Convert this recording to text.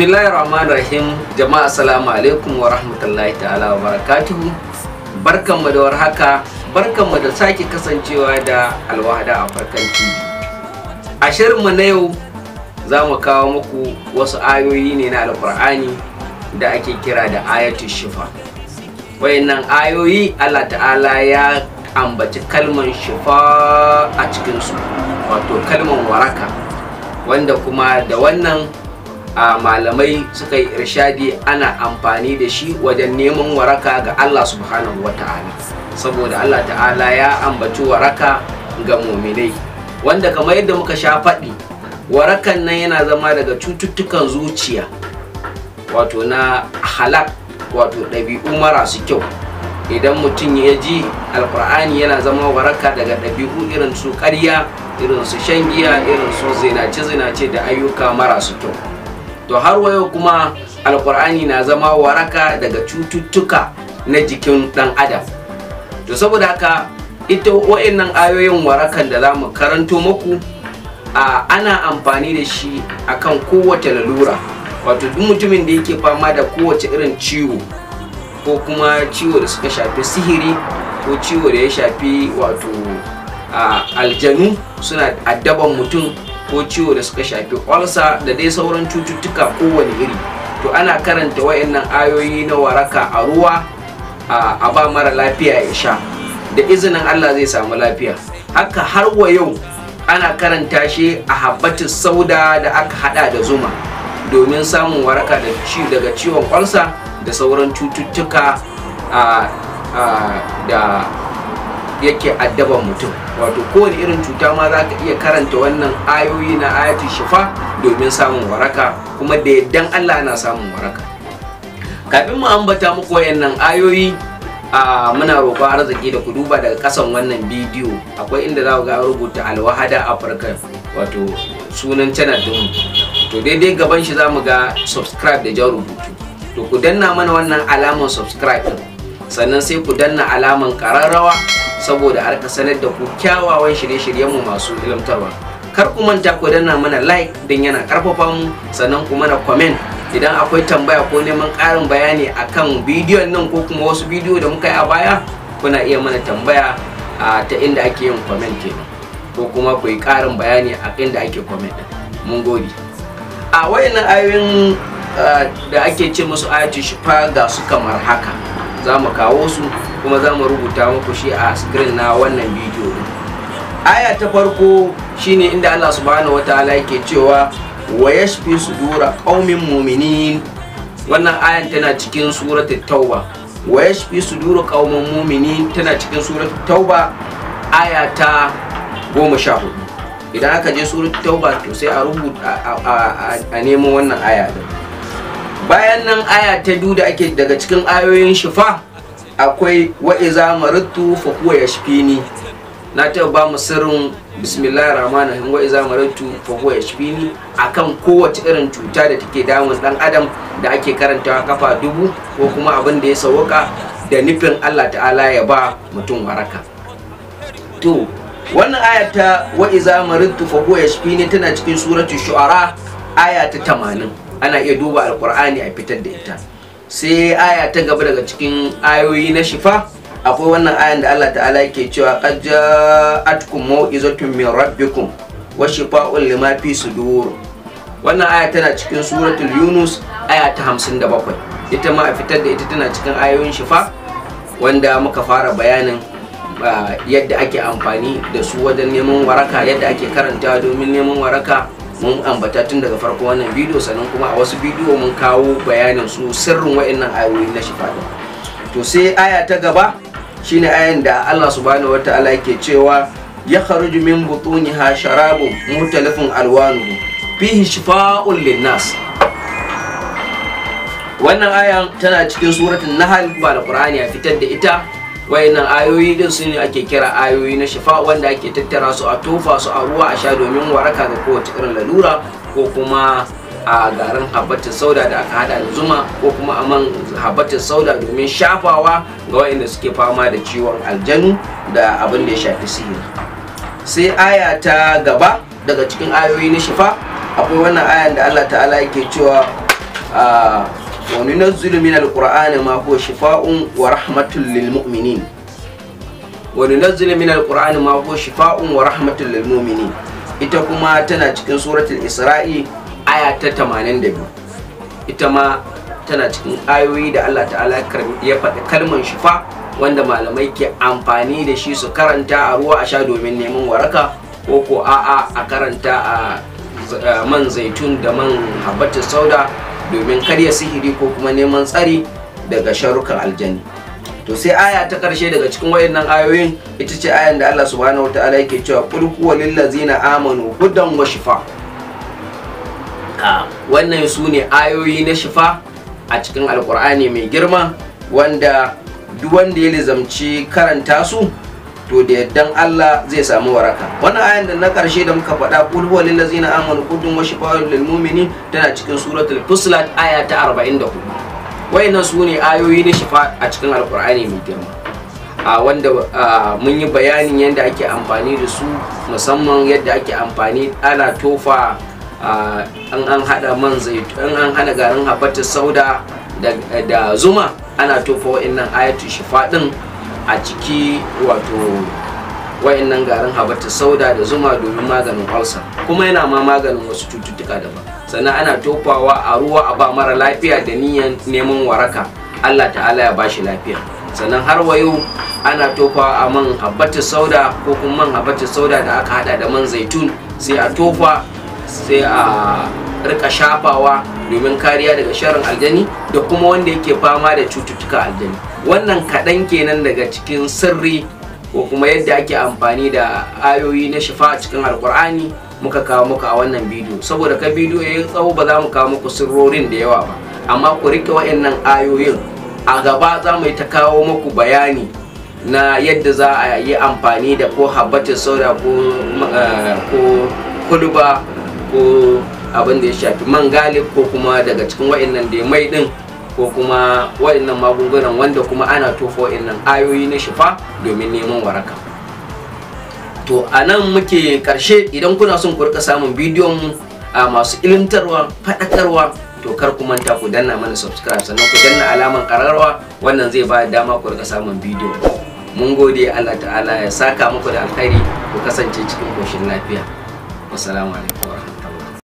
bismillahirrahmanirrahim rahim jama'a assalamu alaikum wa rahmatullahi ta'ala wa barakatuhu barkanmu da warhaka barkanmu da sake kasancewa da alwahada a farkon tv a shirinmu na yau za mu kawo muku wasu ayoyi ne na alkur'ani da ake kira da ayatu shifa wayannan ayoyi allah ta'ala ya ambaci kalman shifa a cikinsu wato kalman waraka wanda kuma da wannan A malamai suka yi irshadi ana amfani da shi wajen neman waraka ga Allah subhanahu wa ta'ala saboda Allah ta'ala ya ambaci waraka ga muminai wanda kamar yadda muka sha faɗi warakan nan yana zama daga cututtukan zuciya wato na halak wato ɗabi'u marasu kyau idan mutum ya ji alkur'ani yana zama waraka daga ɗabi'u irin su ƙarya irin su shan giya irin su zinace-zinace da ayyuka marasu kyau to har wayo kuma alkur'ani na zama waraka daga cututtuka na jikin dan adam to saboda haka ita wa'annan ayoyin warakan da za mu karanto muku a ana amfani da shi akan kowace lalura wato duk mutumin da yake fama da kowace irin ciwo ko kuma ciwo da suka shafi sihiri ko ciwo da ya shafi wato aljanu suna addaban mutum ko ciwo da suka shafi olsa da dai sauran cututtuka kowane iri to ana karanta wayannan ayoyi na waraka a ruwa a ba mara lafiya ya sha da izinin Allah zai samu lafiya haka har wa yau ana karanta shi a habbatin sauda da aka hada da zuma domin samun waraka daga ciwon olsa da sauran cututtuka da yake addaban mutum wato kowane irin cuta ma za ka iya karanta wannan ayoyi na ayatul shifa domin samun waraka kuma da yaddan Allah ana samun waraka kafin mu ambata muku wayannan ayoyi a muna roƙo arziki da ku duba daga kasan wannan bidiyo akwai inda za ku ga rubuta alwahada afirka wato sunan channel din to daidai gaban shi za mu ga subscribe da jan rubutu to ku danna mana wannan alamar subscribe sannan sai ku danna alaman kararrawa saboda harka sanar da ku kyawawan shirye-shiryenmu masu ilimtarwa kar ku manta ku danna mana like din yana karfafa mu sannan ku mana comment idan akwai tambaya ko neman ƙarin bayani akan bidiyon nan ko kuma wasu bidiyo da muka yi a baya kuna iya mana tambaya ta inda ake yin comment kenan ko kuma ku yi ƙarin bayani a inda ake comment mun gode a wayannan ayoyin da ake ce musu ayatu shifa ga su kamar haka za mu kawo su kuma za mu rubuta muku shi a screen na wannan bidiyo aya ta farko shine inda Allah subhanahu wataala yake cewa wa yashfi sudura qaumin mu'minin wannan ayan tana cikin suratul tauba wa yashfi sudura qaumin mu'minin tana cikin suratul tauba aya ta goma sha hudu idan aka je surata tauba to sai a rubuta a nemo wannan aya din bayan nan aya ta biyu da ake daga cikin ayoyin shifa akwai wa'iza marittu fa huwa yashfini na ta ba mu sirrin bismillahir rahmanir rahim wa'iza marittu fa huwa yashfini akan kowace irin cuta da take damun dan adam da ake karantawa kafa dubu ko kuma abin da ya sauka da nufin Allah ta'ala ya ba mutum waraka to wannan aya ta wa'iza fa huwa yashfini tana cikin suratul shu'ara aya ta tamanin ana iya duba alkur'ani a fitar da ita sai aya ta gaba daga cikin ayoyi na shifa akwai wannan ayan da Allah ta'ala yake cewa qad ja'atkum mau'izatun min rabbikum wa shifa'un lima fi sudur wannan aya tana cikin suratul yunus aya ta 57 ita ma a fitar da ita tana cikin ayoyin shifa wanda muka fara bayanin ah, yadda ake amfani da su wajen neman waraka yadda ake karantawa domin neman waraka mun ambata tun daga farko wannan bidiyo sannan kuma a wasu bidiyo mun kawo bayanin su sirrin wa'annan ayoyi na shifa to sai aya ta gaba shine ayan da Allah subhanahu wataala yake cewa ya kharuju min butuniha sharabun mutalafin alwanu fihi shifa'un linnas wannan ayan tana cikin suratul nahl ba alqur'ani ya fitar da ita wayannan ayoyi din su ne ake kira ayoyi na shifa wanda ake tattara su a tofa su a ruwa a sha domin waraka ga kowace irin lalura ko kuma a garin habbatin sauda da aka hada da zuma ko kuma a man habbatin sauda domin shafawa ga wayanda suke fama da ciwon aljanu da abin da ya shafi sihiri sai aya ta gaba daga cikin ayoyi na shifa akwai wannan ayan da Allah ta'ala yake cewa ah, wa nunazzilu min alqur'ani ma huwa shifaa'un wa rahmatul lil ita kuma tana cikin suratul isra'i aya ta 82 ita ma tana cikin ayoyi da Allah ta'ala ya faɗi kalman shifa wanda malamai ke amfani da shi su karanta a ruwa a sha domin neman waraka ko ko a'a a karanta a man zaitun da man habbatin sauda domin karya sihiri ko kuma neman tsari daga sharukan aljani to sai aya ta karshe daga cikin wayannan ayoyin ita ce ayan da Allah subhanahu wataala yake cewa qul huwa lil ladzina amanu hudan wa shifa ah, wannan su ne ayoyi na shifa a cikin alkur'ani mai girma wanda duk wanda ya lizamci karanta su to da yaddan Allah zai samu waraka wannan ayan da na karshe da muka faɗa qul huwa lil ladzina amanu qudum wa shifaa'un lil mu'minin tana cikin suratul fusilat aya ta 44 wayannan su ne ayoyi na shifa a cikin alqur'ani mai girma a wanda mun yi bayanin yadda ake amfani da su musamman yadda ake amfani ana tofa an an hada man zaitun an hana garin habbatus sauda da zuma ana tofa wa'annan ayatu shifa din a ciki wato wayannan garin habata sauda da zuma domin maganin hausa kuma yana ma maganin wasu cututtuka daban sannan ana tofawa a ruwa a ba mara lafiya da niyyar neman waraka Allah ta'ala ya bashi lafiya sannan har wayo ana tofawa a man habata sauda ko kuma man habata sauda da aka hada da man zaitun sai a tofa sai a rika shafawa domin kariya daga sharin aljani da kuma wanda yake fama da cututtuka aljani wannan kaɗan kenan daga cikin sirri ko kuma yadda ake amfani da ayoyi na shifa a cikin alkur'ani muka kawo muku a wannan bidiyo saboda ka bidiyo ya tsawo ba za mu kawo muku sirrorin da yawa ba amma ku rike wa'annan ayoyin a gaba za mu yi ta kawo muku bayani na yadda za a yi amfani da ko habbatin sauda ko eh, kuluba ko abin da ya shafi man ko kuma daga cikin wa'annan da mai din ko kuma waɗannan magungunan wanda kuma ana tofa wa'annan ayoyi na shifa domin neman waraka to a nan muke ƙarshe idan kuna son ku rika samun bidiyon mu a masu ilimtarwa faɗakarwa to kar ku manta ku danna mana subscribe sannan ku danna alamar ƙararwa wannan zai ba dama ku rika samun bidiyo mun gode Allah ta'ala ya saka muku da alkhairi ku kasance cikin koshin lafiya assalamu alaikum